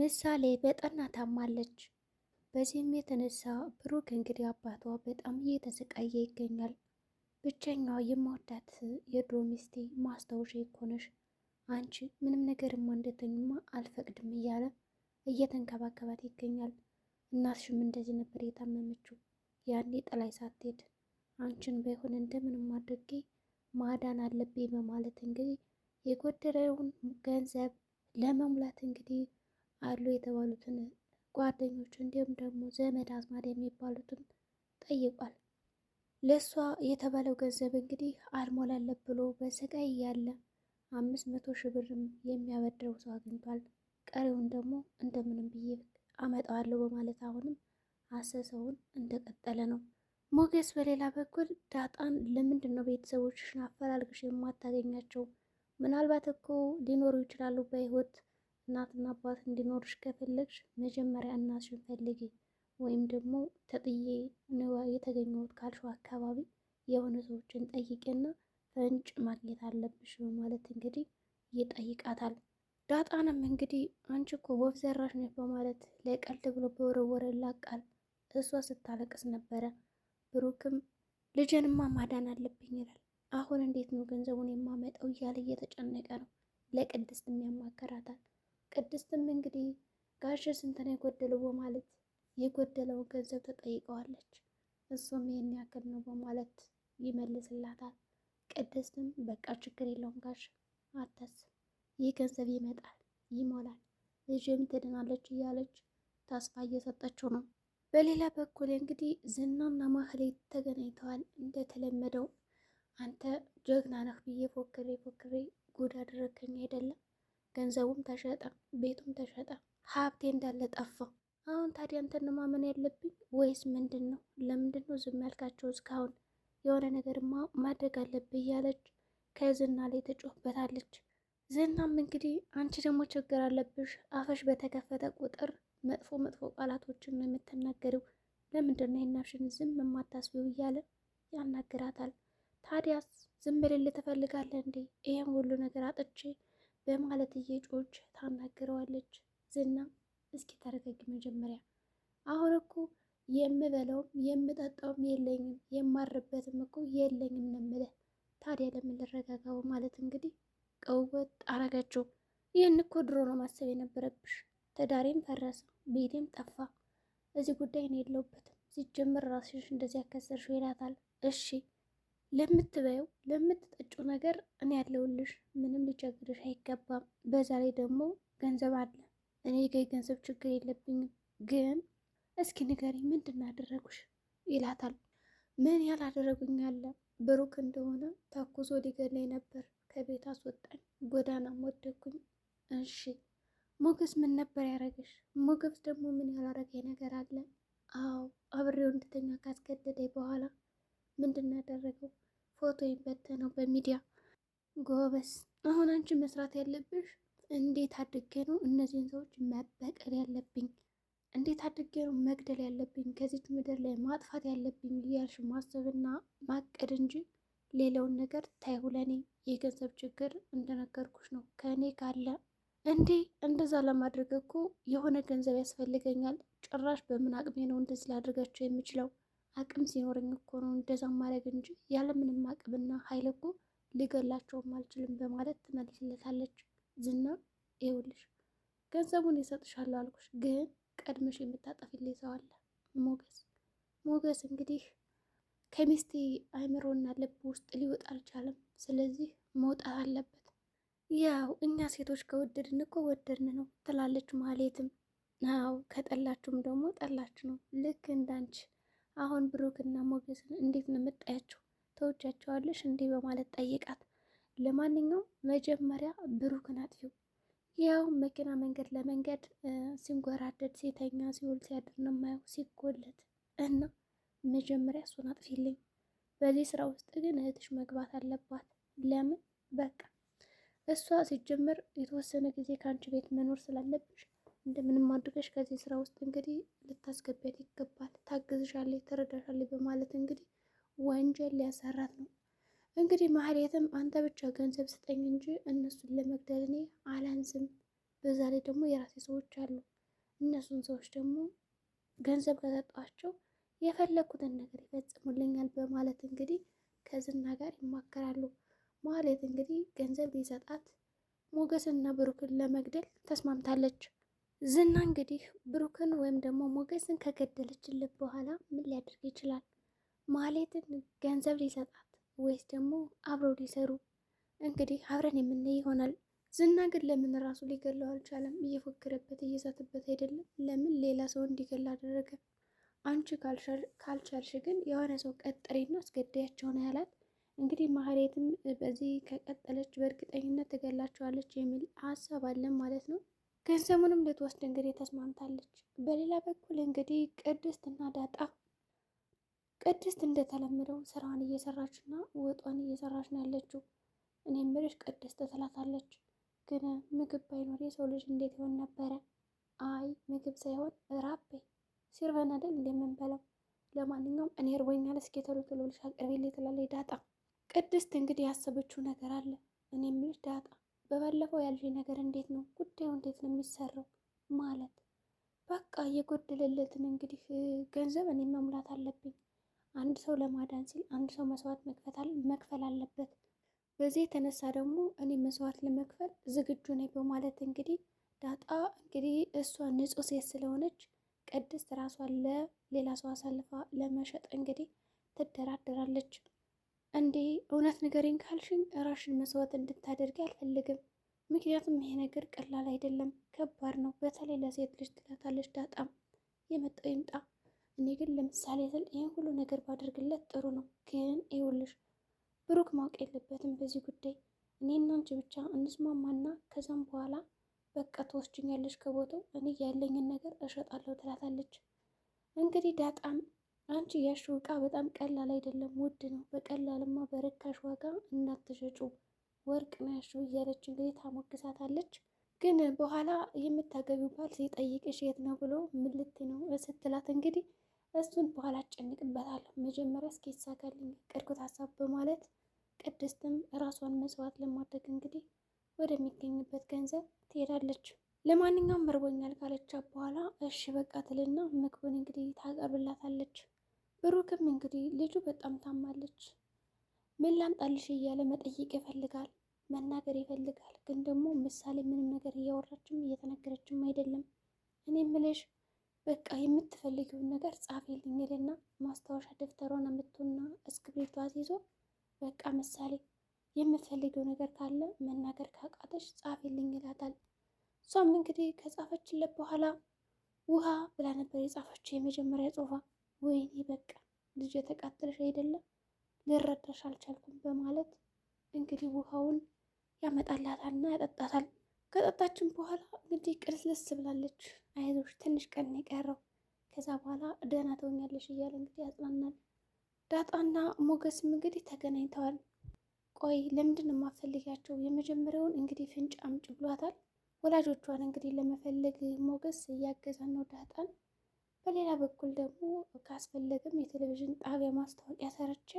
ምሳሌ በጠና ታማለች። በዚህም የተነሳ ብሩክ እንግዲህ አባቷ በጣም እየተሰቃየ ይገኛል። ብቸኛዋ የማወዳት የድሮ ሚስቴ ማስታወሻ ይኮነሽ አንቺ ምንም ነገርማ እንደተኝማ አልፈቅድም እያለ እየተንከባከባት ይገኛል። እናትሽም እንደዚህ ነበር የታመመችው ያኔ ጥላይ ሳትሄድ አንቺን ባይሆን እንደምንም አድርጌ ማዳን አለብኝ በማለት እንግዲህ የጎደለውን ገንዘብ ለመሙላት እንግዲህ አሉ የተባሉትን ጓደኞቹ እንዲሁም ደግሞ ዘመድ አዝማድ የሚባሉትን ጠይቋል። ለእሷ የተባለው ገንዘብ እንግዲህ አልሞላለት ብሎ በስቃይ ያለ አምስት መቶ ሺህ ብርም የሚያበድረው ሰው አግኝቷል። ቀሪውን ደግሞ እንደምንም ብዬ አመጣዋለሁ በማለት አሁንም አሰሰውን እንደቀጠለ ነው። ሞገስ በሌላ በኩል ዳጣን ለምንድን ነው ቤተሰቦችሽን አፈላልግሽ የማታገኛቸው? ምናልባት እኮ ሊኖሩ ይችላሉ በህይወት እናትና አባት እንዲኖርሽ ከፈለግሽ መጀመሪያ እናትሽን ፈልጊ፣ ወይም ደግሞ ተጥዬ ንዋ የተገኘሁት ካልሽው አካባቢ የሆነ ሰዎችን ጠይቄና ፍንጭ ማግኘት አለብሽ ማለት እንግዲህ ይጠይቃታል። ዳጣንም እንግዲህ አንቺ እኮ ወፍ ዘራሽ ነች በማለት ለቀልድ ብሎ በወረወረላት ቃል እሷ ስታለቅስ ነበረ። ብሩክም ልጅንማ ማዳን አለብኝ ይላል። አሁን እንዴት ነው ገንዘቡን የማመጣው እያለ እየተጨነቀ ነው። ለቅድስት የሚያማከራታል። ቅድስትም እንግዲህ ጋሽ ስንትን የጎደለው በማለት የጎደለውን ገንዘብ ተጠይቀዋለች። እሱም ይህን ያክል ነው በማለት ይመልስላታል። ቅድስትም በቃ ችግር የለውም ጋሽ አታስብ፣ ይህ ገንዘብ ይመጣል ይሞላል፣ ልጅም ትድናለች እያለች ተስፋ እየሰጠችው ነው። በሌላ በኩል እንግዲህ ዝናና ማህሌት ተገናኝተዋል። እንደተለመደው አንተ ጀግና ነህ ብዬ ፎክሬ ፎክሬ ጉድ አደረከኝ አይደለም ገንዘቡም ተሸጠ፣ ቤቱም ተሸጠ፣ ሀብቴ እንዳለ ጠፋ። አሁን ታዲያ አንተን ማመን ያለብኝ ወይስ ምንድን ነው? ለምንድን ነው ዝም ያልካቸው እስካሁን? የሆነ ነገር ማድረግ አለብህ እያለች ከዝና ላይ ትጮህበታለች። ዝናም እንግዲህ አንቺ ደግሞ ችግር አለብሽ፣ አፈሽ በተከፈተ ቁጥር መጥፎ መጥፎ ቃላቶችን ነው የምትናገሪው፣ ለምንድን ነው ይናሽን ዝም የማታስቢው እያለ ያናግራታል። ታዲያስ ዝም ብልል ትፈልጋለህ እንዴ? ይህም ሁሉ ነገር አጥቼ በማለት እየጮች ታናግረዋለች። ዝና እስኪ ተረጋጊ መጀመሪያ አሁን እኮ የምበላውም የምጠጣውም የለኝም የማርበትም እኮ የለኝም ነው ታዲያ ለምን ልረጋጋው? ማለት እንግዲህ ቀውበት አረጋቸው። ይህን እኮ ድሮ ነው ማሰብ የነበረብሽ። ትዳሬም ፈረሰ፣ ቤቴም ጠፋ፣ እዚህ ጉዳይ ነው የለውበትም። ሲጀምር ራስሽ እንደዚህ ያከሰርሽው ይላታል። እሺ ለምትበየው ለምትጠጩ ነገር እኔ ያለውልሽ፣ ምንም ሊቸግርሽ አይገባም። በዛ ላይ ደግሞ ገንዘብ አለ። እኔ ጋ ገንዘብ ችግር የለብኝም፣ ግን እስኪ ንገሪ ምንድን ያደረጉሽ ይላታል። ምን ያላደረጉኝ አለ ብሩክ እንደሆነ ተኩሶ ሊገለኝ ነበር፣ ከቤት አስወጣኝ፣ ጎዳናም ወደኩኝ። እሺ ሞገስ ምን ነበር ያደረገሽ? ሞገስ ደግሞ ምን ያላረገኝ ነገር አለ? አዎ አብሬው እንድተኛ ካስገደደኝ በኋላ ምንድን ነው ያደረገው? ፎቶ ይበተነው በሚዲያ ጎበስ። አሁን አንቺ መስራት ያለብሽ እንዴት አድርጌ ነው እነዚህን ሰዎች መበቀል ያለብኝ፣ እንዴት አድርጌ ነው መግደል ያለብኝ፣ ከዚች ምድር ላይ ማጥፋት ያለብኝ እያልሽ ማሰብና ማቀድ እንጂ ሌላውን ነገር ታይሁ። ለእኔ የገንዘብ ችግር እንደነገርኩሽ ነው ከእኔ ካለ እንዴ እንደዛ ለማድረግ እኮ የሆነ ገንዘብ ያስፈልገኛል። ጭራሽ በምን አቅሜ ነው እንደዚህ ላድርጋቸው የምችለው? አቅም ሲኖረኝ እኮ ነው እንደዛ ማድረግ እንጂ ያለምንም አቅምና ኃይል እኮ ሊገላቸውም አልችልም በማለት ትመልስለታለች። ዝና ይኸውልሽ ገንዘቡን ይሰጥሻለሁ አልኩሽ፣ ግን ቀድመሽ የምታጠፊልኝ ሰው አለ። ሞገስ ሞገስ እንግዲህ ከሚስቴ አይምሮና ልብ ውስጥ ሊወጣ አልቻለም። ስለዚህ መውጣት አለበት። ያው እኛ ሴቶች ከወደድን እኮ ወደድን ነው ትላለች ማህሌትም። አዎ ከጠላችሁም ደግሞ ጠላች ነው ልክ እንዳንቺ አሁን ብሩክና ሞገስን እንዴት ነው የምታያቸው? ተወጃቸዋለሽ እንዴ? በማለት ጠይቃት። ለማንኛውም መጀመሪያ ብሩክን አጥፊው። ያው መኪና መንገድ ለመንገድ ሲንጎራደድ ሲተኛ ሲውል ሲያድር ነው የማየው ሲጎለት እና መጀመሪያ እሱን አጥፊልኝ። በዚህ ስራ ውስጥ ግን እህትሽ መግባት አለባት። ለምን? በቃ እሷ ሲጀምር የተወሰነ ጊዜ ከአንቺ ቤት መኖር ስላለብሽ እንደምንም አድርገሽ ከዚህ ስራ ውስጥ እንግዲህ ልታስገቢያት ይገባል፣ ታግዝሻለች፣ ትረዳሻለች በማለት እንግዲህ ወንጀል ሊያሰራት ነው። እንግዲህ ማህሌትም አንተ ብቻ ገንዘብ ስጠኝ እንጂ እነሱን ለመግደል እኔ አላንስም። በዛ ላይ ደግሞ የራሴ ሰዎች አሉ። እነሱን ሰዎች ደግሞ ገንዘብ ከሰጧቸው የፈለግኩትን ነገር ይፈጽሙልኛል በማለት እንግዲህ ከዝና ጋር ይማከራሉ። ማህሌት እንግዲህ ገንዘብ ሊሰጣት ሞገስና ብሩክን ለመግደል ተስማምታለች። ዝና እንግዲህ ብሩክን ወይም ደግሞ ሞገስን ከገደለችልህ በኋላ ምን ሊያደርግ ይችላል? ማህሌትን ገንዘብ ሊሰጣት ወይስ ደግሞ አብረው ሊሰሩ? እንግዲህ አብረን የምናይ ይሆናል። ዝና ግን ለምን ራሱ ሊገለው አልቻለም? እየፎከረበት እየሳትበት አይደለም? ለምን ሌላ ሰው እንዲገል አደረገ? አንቺ ካልቻልሽ ግን የሆነ ሰው ቀጠሬና አስገዳያቸውን ያላት። እንግዲህ ማህሌትም በዚህ ከቀጠለች በእርግጠኝነት ትገላቸዋለች የሚል ሀሳብ አለን ማለት ነው። ገንዘቡንም ልትወስድ እንግዲህ ተስማምታለች። በሌላ በኩል እንግዲህ ቅድስት እና ዳጣ ቅድስት እንደተለመደው ስራዋን እየሰራች እና ወጧን እየሰራች ነው ያለችው። እኔ ምልሽ ቅድስት ትላታለች፣ ግን ምግብ ባይኖር የሰው ልጅ እንዴት ይሆን ነበረ? አይ ምግብ ሳይሆን ራቤ ሲርበን አይደል እንደምንበላው። ለማንኛውም እኔ እርቦኛል፣ እስኪ ቶሎ ቶሎ ብለሽ አቅርቢልኝ ትላለች ዳጣ። ቅድስት እንግዲህ ያሰበችው ነገር አለ። እኔ ምልሽ ዳጣ በባለፈው ያልሽኝ ነገር እንዴት ነው ጉዳዩ እንዴት ነው የሚሰራው? ማለት በቃ የጎደለለትን እንግዲህ ገንዘብ እኔ መሙላት አለብኝ። አንድ ሰው ለማዳን ሲል አንድ ሰው መስዋዕት መክፈል አለበት። በዚህ የተነሳ ደግሞ እኔ መስዋዕት ለመክፈል ዝግጁ ነኝ በማለት እንግዲህ ዳጣ እንግዲህ እሷ ንጹህ ሴት ስለሆነች ቅድስት ራሷን ለሌላ ሰው አሳልፋ ለመሸጥ እንግዲህ ትደራደራለች። እንዴ እውነት ንገሬን ካልሽኝ ራሽን መስዋዕት እንድታደርጊ አልፈልግም። ምክንያቱም ይሄ ነገር ቀላል አይደለም፣ ከባድ ነው። በተለይ ለሴት ልጅ ትላታለች ዳጣም። የመጣው ይምጣ። እኔ ግን ለምሳሌ ስል ይህን ሁሉ ነገር ባደርግለት ጥሩ ነው፣ ግን ይውልሽ ብሩክ ማወቅ የለበትም በዚህ ጉዳይ። እኔ እናንቺ ብቻ እንስማማና ከዛም በኋላ በቃ ትወስጅኛለሽ ከቦታው እኔ ያለኝን ነገር እሸጣለሁ ትላታለች። እንግዲህ ዳጣም አንቺ ያሽው እቃ በጣም ቀላል አይደለም፣ ውድ ነው። በቀላልማ በርካሽ ዋጋ እናትሸጩ ወርቅ ነው ያሽው እያለች እንግዲህ ታሞግሳታለች። ግን በኋላ የምታገቢው ባል ሲጠይቅሽ የት ነው ብሎ ምልት ነው ስትላት እንግዲህ እሱን በኋላ አጨንቅበታለሁ፣ መጀመሪያ እስኪ ይሳካልኝ ቅርኩት ሀሳብ በማለት ቅድስትም ራሷን መስዋዕት ለማድረግ እንግዲህ ወደሚገኝበት ገንዘብ ትሄዳለች። ለማንኛውም መርቦኛል ካለቻት በኋላ እሺ በቃ ትልና ምግቡን እንግዲህ ታቀርብላታለች። ብሩክም እንግዲህ ልጁ በጣም ታማለች፣ ምን ላምጣልሽ እያለ መጠየቅ ይፈልጋል፣ መናገር ይፈልጋል። ግን ደግሞ ምሳሌ ምንም ነገር እያወራችም እየተነገረችም አይደለም። እኔ ምልሽ በቃ የምትፈልጊውን ነገር ጻፊልኝ ይልና ማስታወሻ ደብተሯን አምጥቶና እስክሪብቶ ይዞ በቃ ምሳሌ የምትፈልጊው ነገር ካለ መናገር ካቃተሽ ጻፊልኝ ይላታል። እሷም እንግዲህ ከጻፈችለት በኋላ ውሃ ብላ ነበር የጻፈችው የመጀመሪያ ጽሁፋ። ወይኔ በቃ ልጅ የተቃጠለሽ አይደለም ልረዳሽ አልቻልኩም በማለት እንግዲህ ውሃውን ያመጣላታልና ያጠጣታል። ከጠጣችን በኋላ እንግዲህ ቅልስልስ ብላለች። አይዞሽ ትንሽ ቀን የቀረው ከዛ በኋላ ደህና ትሆኛለሽ እያለ እንግዲህ ያጽናናል። ዳጣና ሞገስም እንግዲህ ተገናኝተዋል። ቆይ ለምንድን ነው የመጀመሪያውን እንግዲህ ፍንጭ አምጭ ብሏታል። ወላጆቿን እንግዲህ ለመፈለግ ሞገስ እያገዛን ነው ዳጣን በሌላ በኩል ደግሞ ካስፈለገም የቴሌቪዥን ጣቢያ ማስታወቂያ ሰርቼ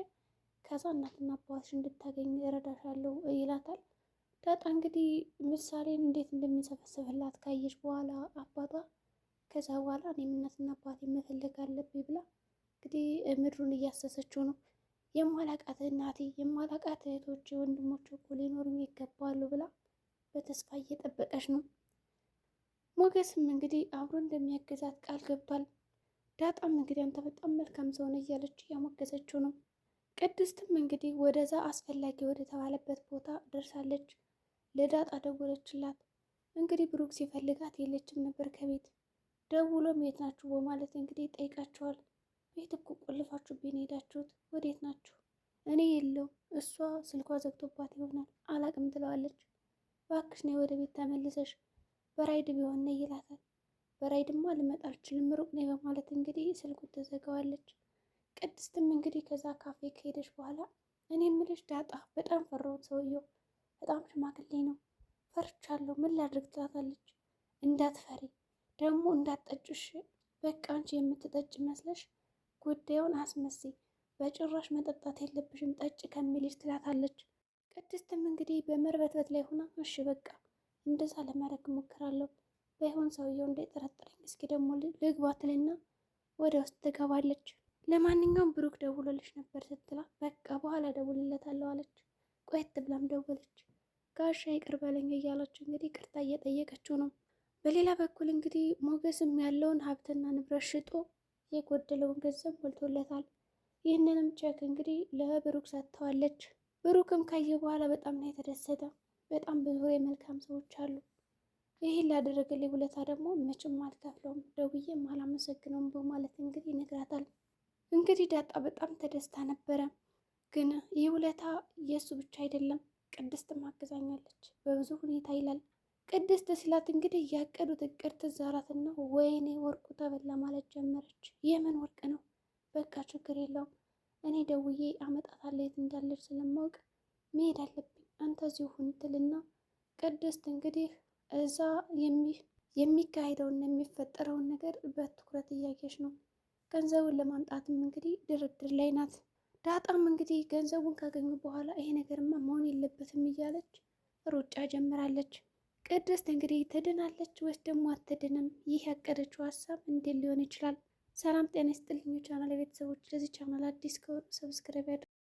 ከዛ እናትና አባትሽ እንድታገኝ እረዳሻለሁ ይላታል። ዳጣ እንግዲህ ምሳሌን እንዴት እንደሚሰበሰብላት ካየች በኋላ አባቷ ከዛ በኋላ እኔም እናትና አባት መፈለግ አለብኝ ብላ እንግዲህ ምድሩን እያሰሰችው ነው። የማላቃት እናቴ የማላቃት እህቶች ወንድሞች እኮ ይገባሉ ብላ በተስፋ እየጠበቀች ነው። ሞገስም እንግዲህ አብሮ እንደሚያገዛት ቃል ገብቷል። ዳጣም እንግዲህ አንተ በጣም መልካም ሰው ነህ እያለች እያሞገሰችው ነው። ቅድስትም እንግዲህ ወደዛ አስፈላጊ ወደ ተባለበት ቦታ ደርሳለች። ለዳጣ ደወለችላት። እንግዲህ ብሩክ ሲፈልጋት የለችም ነበር ከቤት ደውሎም የት ናችሁ በማለት እንግዲህ ጠይቃቸዋል። ቤት እኮ ቆልፋችሁብኝ ሄዳችሁት ወዴት ናችሁ? እኔ የለው እሷ ስልኳ ዘግቶባት ይሆናል አላቅም ትለዋለች። እባክሽ ነይ ወደ ቤት ተመልሰሽ በራይድ ቢሆን ነይ ይላታል። በራይድማ ልመጣ አልችልም ሩቅ ነኝ በማለት እንግዲህ ስልኩን ትዘጋዋለች። ቅድስትም እንግዲህ ከዛ ካፌ ከሄደች በኋላ እኔ ምልሽ ዳጣ በጣም ፈራሁት፣ ሰውየው በጣም ሽማግሌ ነው፣ ፈርቻለሁ፣ ምን ላድርግ ትላታለች። እንዳትፈሪ ደግሞ እንዳትጠጭሽ፣ በቃ አንቺ የምትጠጭ መስለሽ ጉዳዩን አስመሲ በጭራሽ መጠጣት የለብሽም ጠጭ ከሚልሽ ትላታለች። ቅድስትም እንግዲህ በመርበትበት ላይ ሆና እሺ በቃ እንደዛ ለማድረግ እሞክራለሁ ባይሆን ሰውየው እንዳይጠረጠረኝ እስኪ ደግሞ ልግባ ትልና ወደ ውስጥ ትገባለች። ለማንኛውም ብሩክ ደውሎልሽ ነበር ስትላ በቃ በኋላ ደውልለታለሁ አለች። ቆየት ብላም ደወለች። ጋሻ ይቅር በለኝ እያለች እንግዲህ ቅርታ እየጠየቀችው ነው። በሌላ በኩል እንግዲህ ሞገስም ያለውን ሀብትና ንብረት ሽጦ የጎደለውን ገንዘብ ሞልቶለታል። ይህንንም ቼክ እንግዲህ ለብሩክ ሰጥተዋለች። ብሩክም ካየ በኋላ በጣም ነው የተደሰተ። በጣም ብዙ የመልካም ሰዎች አሉ። ይህን ላደረገልኝ ውለታ ደግሞ መቼም አልከፍለውም፣ ደውዬም አላመሰግነውም በማለት እንግዲህ ይነግራታል። እንግዲህ ዳጣ በጣም ተደስታ ነበረ። ግን ይህ ውለታ የእሱ ብቻ አይደለም፣ ቅድስት ማገዛኛለች በብዙ ሁኔታ ይላል። ቅድስት ስላት እንግዲህ ያቀዱት እቅድ ትዛራትና ወይኔ ወርቁ ተበላ ማለት ጀመረች። የምን ወርቅ ነው? በቃ ችግር የለውም እኔ ደውዬ አመጣታለሁ የት እንዳለች ስለማወቅ መሄድ አለብኝ አንተ እዚሁ ሁን ትልና ቅድስት እንግዲህ እዛ የሚካሄደውና የሚፈጠረውን ነገር በትኩረት እያየች ነው። ገንዘቡን ለማምጣትም እንግዲህ ድርድር ላይ ናት። ዳጣም እንግዲህ ገንዘቡን ካገኙ በኋላ ይሄ ነገርማ መሆን የለበትም እያለች ሩጫ ጀምራለች። ቅድስት እንግዲህ ትድናለች ወይስ ደግሞ አትድንም? ይህ ያቀደችው ሀሳብ እንዴት ሊሆን ይችላል? ሰላም ጤና ይስጥልኝ ቻናል ቤተሰቦች፣ ለዚህ ቻናል አዲስ ከሆኑ ሰብስክራይብ